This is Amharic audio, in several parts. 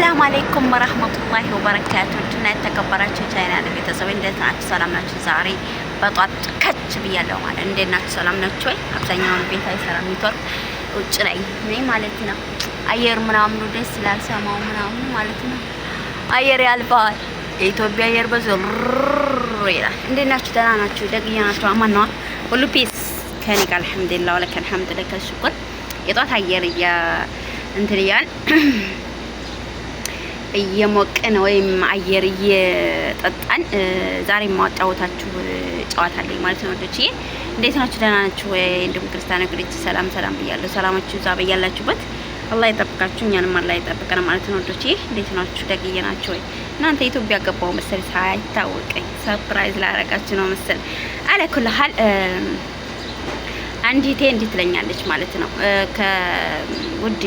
አሰላሙ አለይኩም ወረህመቱላሂ ወበረካቱ እና የተከበራችሁ ቻይና ቤተሰብ እንዴት ናችሁ? ሰላም ናችሁ? ዛሬ በጧት ከች ብያለሁ ማለት እንዴት ናችሁ? ሰላም ናችሁ ወይ? አብዛኛውን ቤት አይሰራም ኔትወርክ፣ ውጭ ላይ ነኝ ማለት ነው። አየር ምናምኑ ደስ ስላልሰማው ምናምኑ ማለት ነው። አየር ያልፈዋል። የኢትዮጵያ አየር በዞ ይላል። እንዴት ናችሁ? ደህና ናችሁ? ደግያ ናችሁ? አማን ነዋ? ሁሉ ፔስ ከኔ ጋር አልሐምዱሊላህ ወለከ አልሐምዱሊላህ ከሽኩር የጧት አየር እንትን እያልን ነው ወይም አየር እየጠጣን ዛሬ የማጫወታችሁ ጨዋታ አለኝ ማለት ነው። ወንዶች ወንዶችዬ እንዴት ናችሁ? ደህና ናችሁ ወይ? እንዲሁም ክርስቲያን ወገኖች ሰላም ሰላም ብያለሁ። ሰላማችሁ እዛ በያላችሁበት አላህ ይጠብቃችሁ፣ እኛንም አላህ ይጠብቀን ማለት ነው። ወንዶችዬ እንዴት ናችሁ? ደግዬ ናችሁ ወይ? እናንተ ኢትዮጵያ ገባው መሰል ሳይታወቀኝ ሰርፕራይዝ ላረጋችሁ ነው መሰል አለ ኩልሃል አንዲቴ እንዲህ ትለኛለች ማለት ነው ከውድ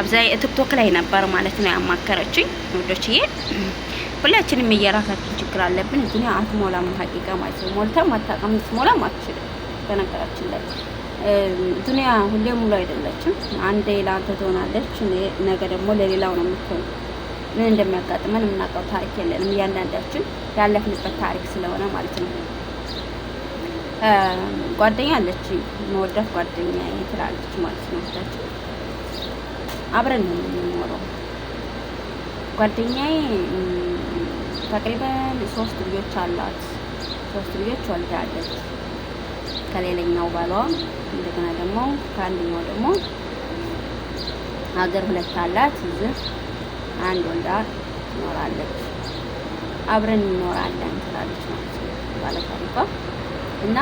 አብዛኛው ቲክቶክ ላይ ነበር ማለት ነው ያማከረችኝ። ውዶችዬ ሁላችንም የየራሳችን ችግር አለብን። ዱኒያ አትሞላም ሀቂቃ ማለት ነው። ሞልታ ማታቀም ስትሞላም አትችልም። በነገራችን ላይ ዱኒያ ሁሌ ሙሉ አይደለችም። አንዴ ለአንተ ትሆናለች፣ ነገ ደግሞ ለሌላው ነው የምትሆነው። ምን እንደሚያጋጥመን የምናውቀው ታሪክ የለንም። እያንዳንዳችን ያለፍንበት ታሪክ ስለሆነ ማለት ነው። ጓደኛ አለች መወዳት ጓደኛ ትላለች ማለት ነው። አብረን ነው የምንኖረው። ጓደኛዬ ተቅሪበን ሶስት ልጆች አሏት። ሶስት ልጆች ወልዳለች። ከሌላኛው ባሏ እንደገና ደግሞ ከአንደኛው ደግሞ ሀገር ሁለት አላት። እዚህ አንድ ወልዳ ትኖራለች። አብረን እንኖራለን ትላለች ማለት ነው ባለታሪኳ እና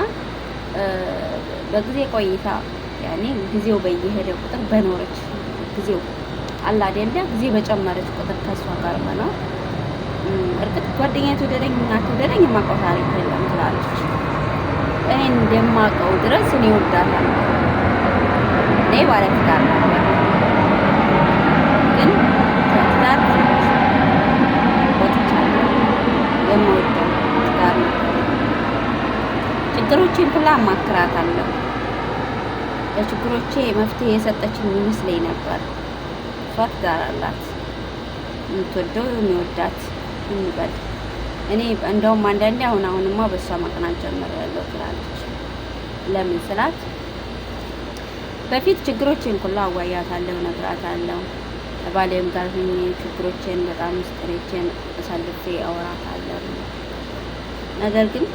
በጊዜ ቆይታ ያኔ ጊዜው በየሄደ ቁጥር በኖረች ጊዜው አላ አይደለ ጊዜ በጨመረች ቁጥር ከሷ ጋር ሆነው እርግጥ ጓደኛ ትውደደኝ እና ትውደደኝ የማውቀው ታሪክ የለም ትላለች። እኔ እንደማውቀው ድረስ እኔ እወዳለሁ እኔ ባለትዳር ግን ትዳር ወጥቻለሁ። የምወደው ትዳር ችግሮችን ሁላ አማክራታለሁ ለችግሮቼ መፍትሄ የሰጠችኝ ይመስለኝ ነበር። እሷ ትዳር አላት፣ የምትወደው የሚወዳት የሚበል እኔ እንደውም አንዳንዴ አሁን አሁንማ በእሷ መቅናት ጀምር ያለው ትላለች። ለምን ስላት በፊት ችግሮቼን ሁሉ አዋያታለሁ፣ እነግራታለሁ። ባሌም ጋር ሁኜ ችግሮቼን በጣም ምስጢሬቼን አሳልፌ አወራታለሁ። ነገር ግን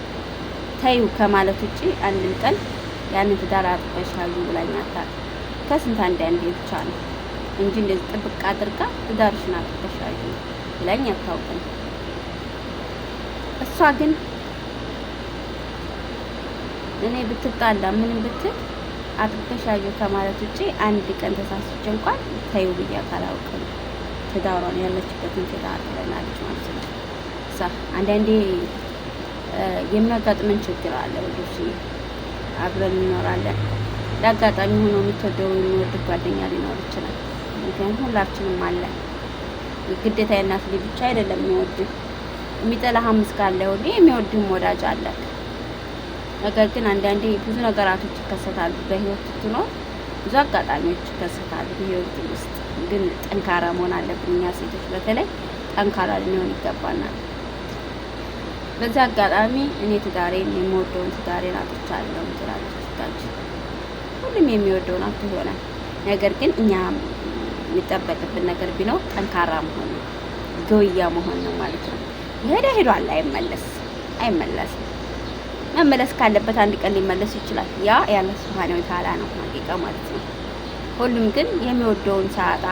ተይው ከማለት ውጪ አንድም ቀን ያንን ትዳር አጥበሻል ብላኝ አታውቅም። ከስንት አንድ አንዴ ብቻ ነው እንጂ እንደዚህ ጥብቅ አድርጋ ትዳርሽን አጥበሻል ብላኝ አታውቅም። እሷ ግን እኔ ብትጣላ ምንም ብትል አጥበሻል ከማለት ውጪ አንድ ቀን ተሳስቼ እንኳን ተይው ብያት አላውቅም። ትዳሯን ያለችበትን ትዳር ትለናለች ማለት ነው። እሷ አንዳንዴ የሚያጋጥመን ችግር አለ ወደ አብረን እንኖራለን። ለአጋጣሚ ሆኖ የምትወደው የሚወድ ጓደኛ ሊኖር ይችላል። ምክንያቱም ሁላችንም አለ ግዴታ የእናት ልጅ ብቻ አይደለም የሚወድህ የሚጠላ ሀምስ ካለ ሁሌ የሚወድህም ወዳጅ አለ። ነገር ግን አንዳንዴ ብዙ ነገራቶች ይከሰታሉ። በህይወት ትኖር ብዙ አጋጣሚዎች ይከሰታሉ በህይወት ውስጥ። ግን ጠንካራ መሆን አለብን እኛ ሴቶች በተለይ ጠንካራ ልንሆን ይገባናል። በዚህ አጋጣሚ እኔ ትዳሬን የምወደውን ትዳሬን አጥቻለሁ ትላለች እህታችን። ሁሉም የሚወደውን አጥቶ ይሆናል። ነገር ግን እኛ የሚጠበቅብን ነገር ቢኖር ጠንካራ መሆን ነው፣ ገውያ መሆን ነው ማለት ነው። ይሄዳ ሄዷል፣ አይመለስ አይመለስም። መመለስ ካለበት አንድ ቀን ሊመለስ ይችላል። ያ ያለ ስብሃነ ተዓላ ነው ሀቂቃ ማለት ነው። ሁሉም ግን የሚወደውን ሳጣ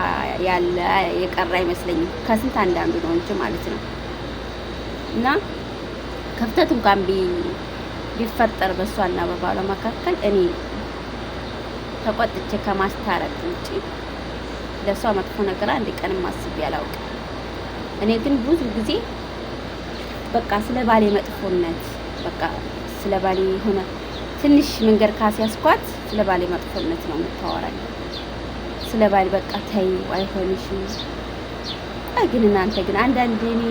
ያለ የቀረ አይመስለኝም። ከስንት አንዳንዱ ነው እንጂ ማለት ነው እና ክፍተት እንኳን ቢፈጠር በእሷና በባሏ መካከል እኔ ተቆጥቼ ከማስታረቅ ውጭ ለእሷ መጥፎ ነገር አንድ ቀንም አስቤ አላውቅም። እኔ ግን ብዙ ጊዜ በቃ ስለ ባሌ መጥፎነት በቃ ስለ ባሌ የሆነ ትንሽ መንገድ ካስያዝኳት ስለ ባሌ መጥፎነት ነው የምታወራኝ። ስለ ባሌ በቃ ተይ አይሆንሽም። ግን እናንተ ግን አንዳንድ እኔ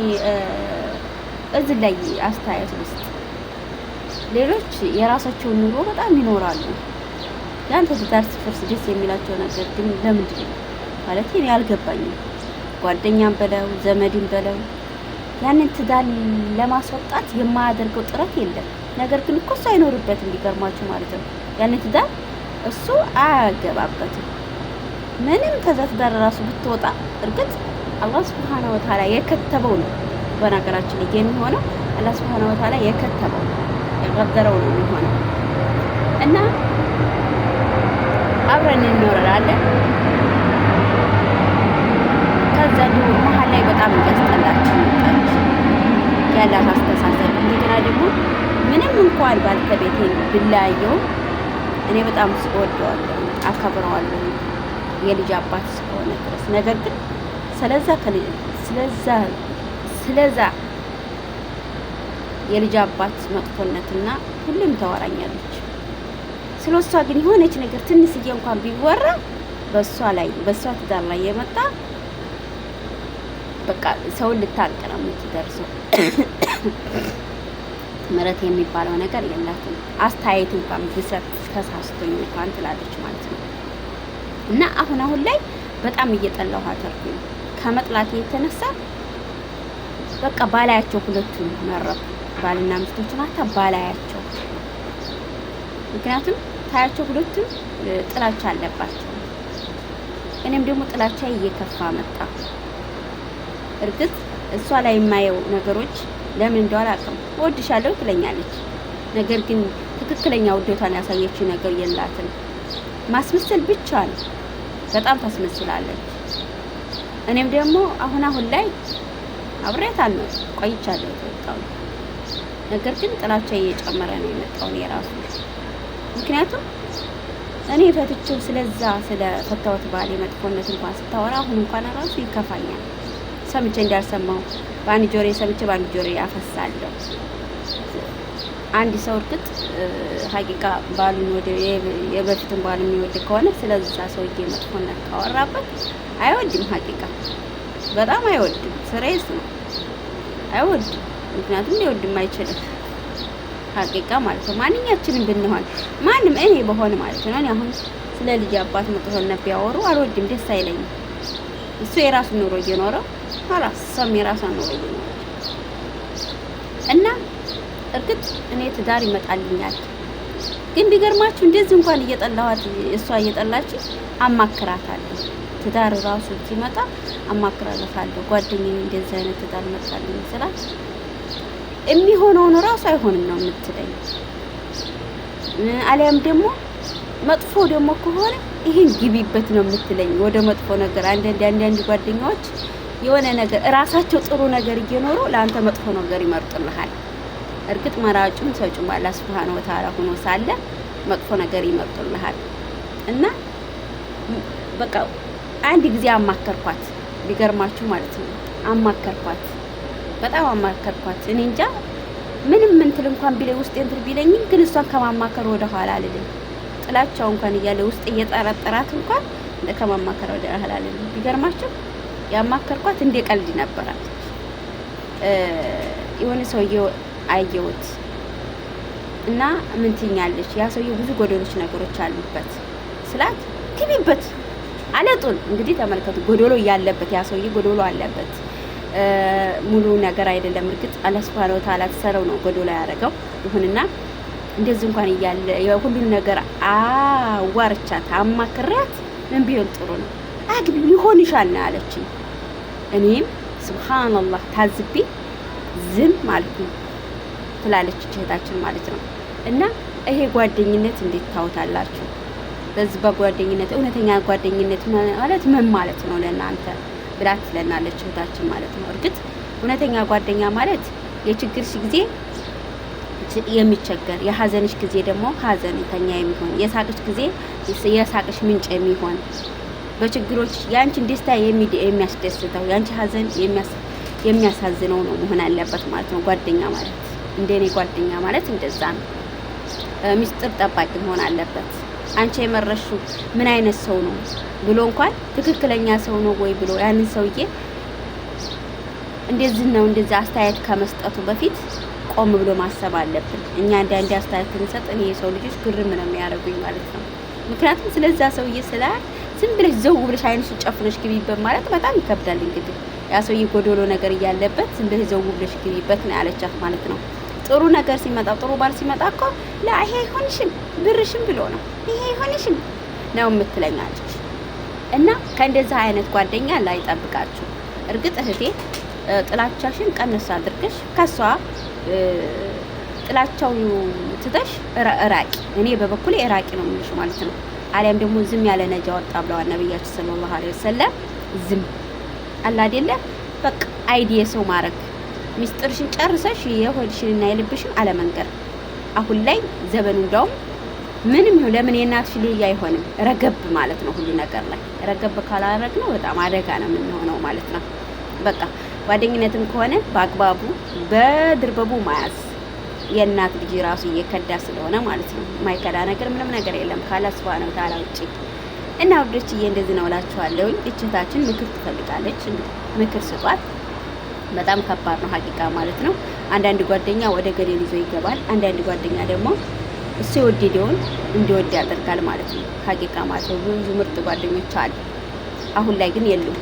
እዚህ ላይ አስተያየት ውስጥ ሌሎች የራሳቸውን ኑሮ በጣም ይኖራሉ። ያንተ ትዳር ሲፈርስ ደስ የሚላቸው ነገር ግን ለምንድን ነው ማለት እኔ አልገባኝም። ጓደኛም በለው ዘመድም በለው ያንን ትዳር ለማስወጣት የማያደርገው ጥረት የለም። ነገር ግን እኮ እሱ አይኖርበትም ቢገርማችሁ ማለት ነው። ያንን ትዳር እሱ አያገባበትም ምንም። ከዛ ትዳር ራሱ ብትወጣ እርግጥ አላህ ሱብሓነሁ ወተዓላ የከተበው ነው በነገራችን ላይ የሚሆነው አላህ ሱብሓነሁ ወተዓላ የከተበው የቀደረው ነው የሚሆነው እና አብረን እንኖራለን። ከዛ ደግሞ መሀል ላይ በጣም እያስጠላችሁ መጣች ያላት አስተሳሰብ። እንደገና ደግሞ ምንም እንኳን ባልተቤቴ ብላየው እኔ በጣም እወደዋለሁ፣ አከብረዋለሁ የልጅ አባት እስከሆነ ድረስ ነገር ግን ስለዛ ስለዛ ስለዛ የልጅ አባት መጥፎነትና ሁሉም ታወራኛለች። ስለ እሷ ግን የሆነች ነገር ትንሽዬ እንኳን ቢወራ በእሷ ላይ በእሷ ትዳር ላይ የመጣ በቃ ሰውን ልታንቅ ነው የምትደርሰው። ምሕረት የሚባለው ነገር የላትም። አስተያየት እንኳን ብሰጥ ተሳስቶኝ እንኳን ትላለች ማለት ነው። እና አሁን አሁን ላይ በጣም እየጠላው አልኩኝ ከመጥላት የተነሳ በቃ ባላያቸው ሁለቱ መረኩ። ባልና ሚስቶች ማታ ባላያቸው። ምክንያቱም ታያቸው ሁለቱ ጥላቻ አለባቸው። እኔም ደግሞ ጥላቻ እየከፋ መጣ። እርግጥ እሷ ላይ የማየው ነገሮች ለምን እንደው አላውቅም። እወድሻለሁ ትለኛለች፣ ነገር ግን ትክክለኛ ውዴቷን ያሳየችው ነገር የላትም። ማስመሰል ብቻ ነው። በጣም ታስመስላለች። እኔም ደግሞ አሁን አሁን ላይ አብሬያት አልነው ቆይቻለሁ የተወጣው ነገር ግን ጥላቻ እየጨመረ ነው የመጣው እኔ ምክንያቱም እኔ ፈትቼው ስለዛ ስለ ፈታሁት ባሌ መጥፎነት እንኳን ስታወራ አሁን እንኳን ራሱ ይከፋኛል። ሰምቼ እንዳልሰማው በአንድ ጆሬ ሰምቼ በአንድ ጆሬ አፈሳለሁ። አንድ ሰው እርግጥ ሀቂቃ ባሉን ወደ የበፊቱን ባሉ የሚወድ ከሆነ ስለዛ ሰውዬ መጥፎነት ካወራበት አይወድም ሀቂቃ በጣም አይወድም። ስሬስ ነው አይወድም። ምክንያቱም ሊወድም አይችልም። ሀቂቃ ማለት ነው። ማንኛችንም ብንሆን ማንም እኔ በሆን ማለት ነው። አሁን ስለ ልጅ አባት መጥፎን ቢያወሩ አልወድም፣ ደስ አይለኝም። እሱ የራሱን ኑሮ እየኖረ ራስ ሰም የራሷን ኑሮ እየኖረ እና እርግጥ እኔ ትዳር ይመጣልኛል፣ ግን ቢገርማችሁ እንደዚህ እንኳን እየጠላኋት እሷ እየጠላች አማክራታለሁ ትዳር ራሱ ሲመጣ አማክራለፋለሁ። ጓደኛዬ እንደዚህ አይነት ትዳር መጣልኝ ስላት የሚሆነውን ራሱ አይሆንም ነው የምትለኝ። አሊያም ደግሞ መጥፎ ደግሞ ከሆነ ይህን ግቢበት ነው የምትለኝ። ወደ መጥፎ ነገር አንዳንድ አንዳንድ ጓደኛዎች የሆነ ነገር እራሳቸው ጥሩ ነገር እየኖሩ ለአንተ መጥፎ ነገር ይመርጡልሃል። እርግጥ መራጩም ሰጩም አላህ ሱብሃነሁ ወተዓላ ሆኖ ሳለ መጥፎ ነገር ይመርጡልሃል እና በቃ አንድ ጊዜ አማከርኳት፣ ቢገርማችሁ ማለት ነው። አማከርኳት፣ በጣም አማከርኳት። እኔ እንጃ ምንም ምንትል እንኳን ቢለኝ ውስጥ እንትል ቢለኝም ግን እሷን ከማማከር ወደ ኋላ አልልም። ጥላቻው እንኳን እያለ ውስጥ እየጠረጠራት እንኳን ከማማከር ወደ ኋላ አልልም። ቢገርማችሁ ያማከርኳት እንደ ቀልድ ነበራት። የሆነ ሰውዬ አየሁት እና ምን ትይኛለች? ያ ሰውዬ ብዙ ጎደሎች ነገሮች አሉበት ስላት ግቢበት አለጡን እንግዲህ ተመልከቱ። ጎዶሎ እያለበት ያ ሰውዬ ጎዶሎ አለበት። ሙሉ ነገር አይደለም። እርግጥ አላህ ሱብሃነሁ ወተዓላ ተሰረው ነው ጎዶሎ ያደረገው። ይሁንና እንደዚህ እንኳን እያለ የሁሉን ነገር አዋርቻት፣ አማክሪያት ምን ቢሆን ጥሩ ነው አግቢ ይሆንሻል ነው አለችኝ። እኔም ሱብሃንአላህ ታዝቤ ዝም ማለት ትላለች እህታችን ማለት ነው። እና ይሄ ጓደኝነት እንዴት ታውታላችሁ? በዚህ በጓደኝነት እውነተኛ ጓደኝነት ማለት ምን ማለት ነው ለእናንተ ብላ ትለናለች እህታችን ማለት ነው። እርግጥ እውነተኛ ጓደኛ ማለት የችግርሽ ጊዜ የሚቸገር የሀዘንሽ ጊዜ ደግሞ ሀዘንተኛ የሚሆን የሳቅሽ ጊዜ የሳቅሽ ምንጭ የሚሆን በችግሮች የአንቺን ደስታ የሚያስደስተው የአንቺ ሀዘን የሚያሳዝነው ነው መሆን ያለበት ማለት ነው። ጓደኛ ማለት እንደኔ ጓደኛ ማለት እንደዛ ነው። ሚስጥር ጠባቂ መሆን አለበት። አንቺ የመረሹ ምን አይነት ሰው ነው ብሎ እንኳን ትክክለኛ ሰው ነው ወይ ብሎ ያንን ሰውዬ እንደዚህ ነው እንደዚህ አስተያየት ከመስጠቱ በፊት ቆም ብሎ ማሰብ አለብን። እኛ አንዳንዴ አስተያየት ብንሰጥ እኔ የሰው ልጆች ግርም ነው የሚያደርጉኝ ማለት ነው። ምክንያቱም ስለዛ ሰውዬ ስለ ዝም ብለሽ ዘው ብለሽ አይንሽን ጨፍነሽ ግቢበት ማለት በጣም ይከብዳል። እንግዲህ ያ ሰውዬ ጎዶሎ ነገር እያለበት ዝም ብለሽ ዘው ብለሽ ግቢበት ነው ያለቻት ማለት ነው። ጥሩ ነገር ሲመጣ ጥሩ ባል ሲመጣ እኮ ላ ይሄ አይሆንሽም ብርሽም ብሎ ነው ይሄ አይሆንሽም ነው የምትለኛለች። እና ከእንደዚህ አይነት ጓደኛ ላይ ጠብቃችሁ። እርግጥ እህቴ ጥላቻሽን ቀነስ አድርገሽ ከሷ ጥላቻው ትተሽ እራቂ። እኔ በበኩሌ እራቂ ነው የምልሽ ማለት ነው። አሊያም ደግሞ ዝም ያለ ነጃ ወጣ ብለዋል ነብያችን ሰለላሁ ዐለይሂ ወሰለም። ዝም አላደለ በቃ አይዲየ ሰው ማረግ ሚስጥርሽን ጨርሰሽ እና የልብሽን አለመንገር። አሁን ላይ ዘመኑ እንደውም ምንም ይሁን ለምን የእናትሽ ልጅ አይሆንም፣ ረገብ ማለት ነው። ሁሉ ነገር ላይ ረገብ ካላረግ ነው በጣም አደጋ ነው የምንሆነው ማለት ነው። በቃ ጓደኝነትም ከሆነ በአግባቡ በድርበቡ መያዝ የእናት ልጅ ራሱ እየከዳ ስለሆነ ማለት ነው። የማይከዳ ነገር ምንም ነገር የለም ካላ ስብሃነ ወተዓላ ውጪ። እና ውዶችዬ እንደዚህ ነው እላችኋለሁ። እችታችን ምክር ትፈልጋለች፣ ምክር ስጧት። በጣም ከባድ ነው ሀቂቃ ማለት ነው። አንዳንድ ጓደኛ ወደ ገደል ይዞ ይገባል። አንዳንድ ጓደኛ ደግሞ እሱ የወደደውን እንዲወድ ያደርጋል ማለት ነው። ሀቂቃ ማለት ነው። ብዙ ምርጥ ጓደኞች አሉ። አሁን ላይ ግን የሉም፣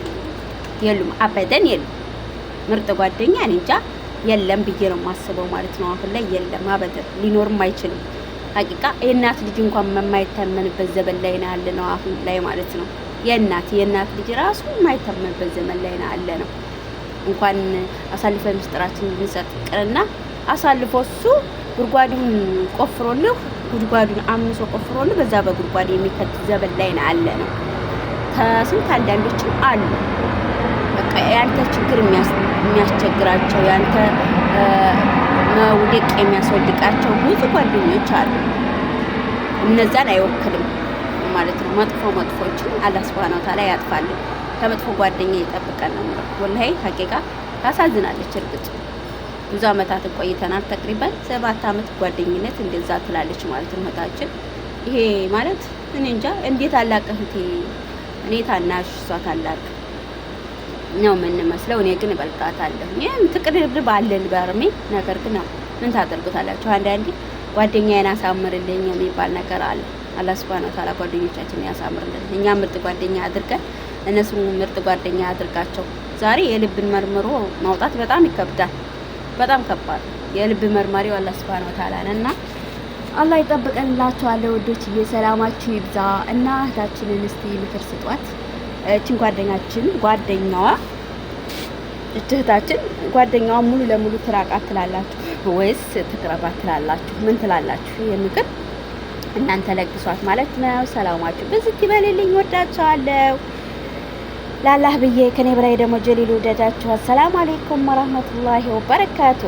የሉም፣ አበደን የሉም። ምርጥ ጓደኛ እኔ እንጃ የለም ብዬ ነው የማስበው ማለት ነው። አሁን ላይ የለም፣ አበደን ሊኖርም አይችልም። ሀቂቃ የእናት ልጅ እንኳን የማይታመንበት ዘመን ላይ ነው ያለ ነው አሁን ላይ ማለት ነው። የእናት የእናት ልጅ ራሱ የማይታመንበት ዘመን ላይ ነው ያለ ነው። እንኳን አሳልፈን ምስጢራችን ልንሰጥ ቅርና አሳልፎ እሱ ጉድጓዱን ቆፍሮልህ ጉድጓዱን አምሶ ቆፍሮልህ በዛ በጉድጓድ የሚከት ዘበን ላይ አለ ነው። ከስንት አንዳንዶችም አሉ በቃ ያንተ ችግር የሚያስቸግራቸው ያንተ መውደቅ የሚያስወድቃቸው ብዙ ጓደኞች አሉ። እነዛን አይወክልም ማለት ነው። መጥፎ መጥፎችን አላህ ሱብሃነሁ ወተዓላ ያጥፋልን። ከመጥፎ ጓደኛ ይጠብቀን ነው የምለው። ወላሂ ሀቂቃ ታሳዝናለች። እርግጥ ብዙ አመታት ቆይተናል። ተቅሪበን ሰባት አመት ጓደኝነት እንደዛ ትላለች ማለት ነው እህታችን። ይሄ ማለት እኔ እንጃ እንዴት አላቀ እህቴ። እኔ ታናሽ፣ እሷ ታላቅ ነው የምንመስለው። እኔ ግን እበልጣታለሁ። ይህም ትቅድብ አለን በርሜ። ነገር ግን ምን ታደርጉታላችሁ? አንዳንዴ ጓደኛዬን አሳምርልኝ የሚባል ነገር አለ። አላህ ሱብሃነሁ ወተዓላ ጓደኞቻችንን ያሳምርልን። እኛ ምርጥ ጓደኛ አድርገን እነሱን ምርጥ ጓደኛ አድርጋቸው። ዛሬ የልብን መርምሮ ማውጣት በጣም ይከብዳል። በጣም ከባድ የልብ መርማሪው አላህ ሱብሃነሁ ወተዓላ ነውና አላህ ይጠብቀንላችኋለሁ ወዶች እየሰላማችሁ ይብዛ እና እህታችንን እስቲ ምክር ስጧት። እችን ጓደኛችን ጓደኛዋ እህታችን ጓደኛዋ ሙሉ ለሙሉ ትራቃት ትላላችሁ ወይስ ትቅረባት ትላላችሁ? ምን ትላላችሁ? ይሄ ምክር እናንተ ለግሷት ማለት ነው። ሰላማችሁ በዚህ ይበልልኝ። ወዳችኋለሁ። ላላህ ብዬ ከኔ በላይ ደግሞ ጀሊሉ ወደዳችሁ። አሰላሙ አሌይኩም ወረህመቱላሂ ወበረካቱ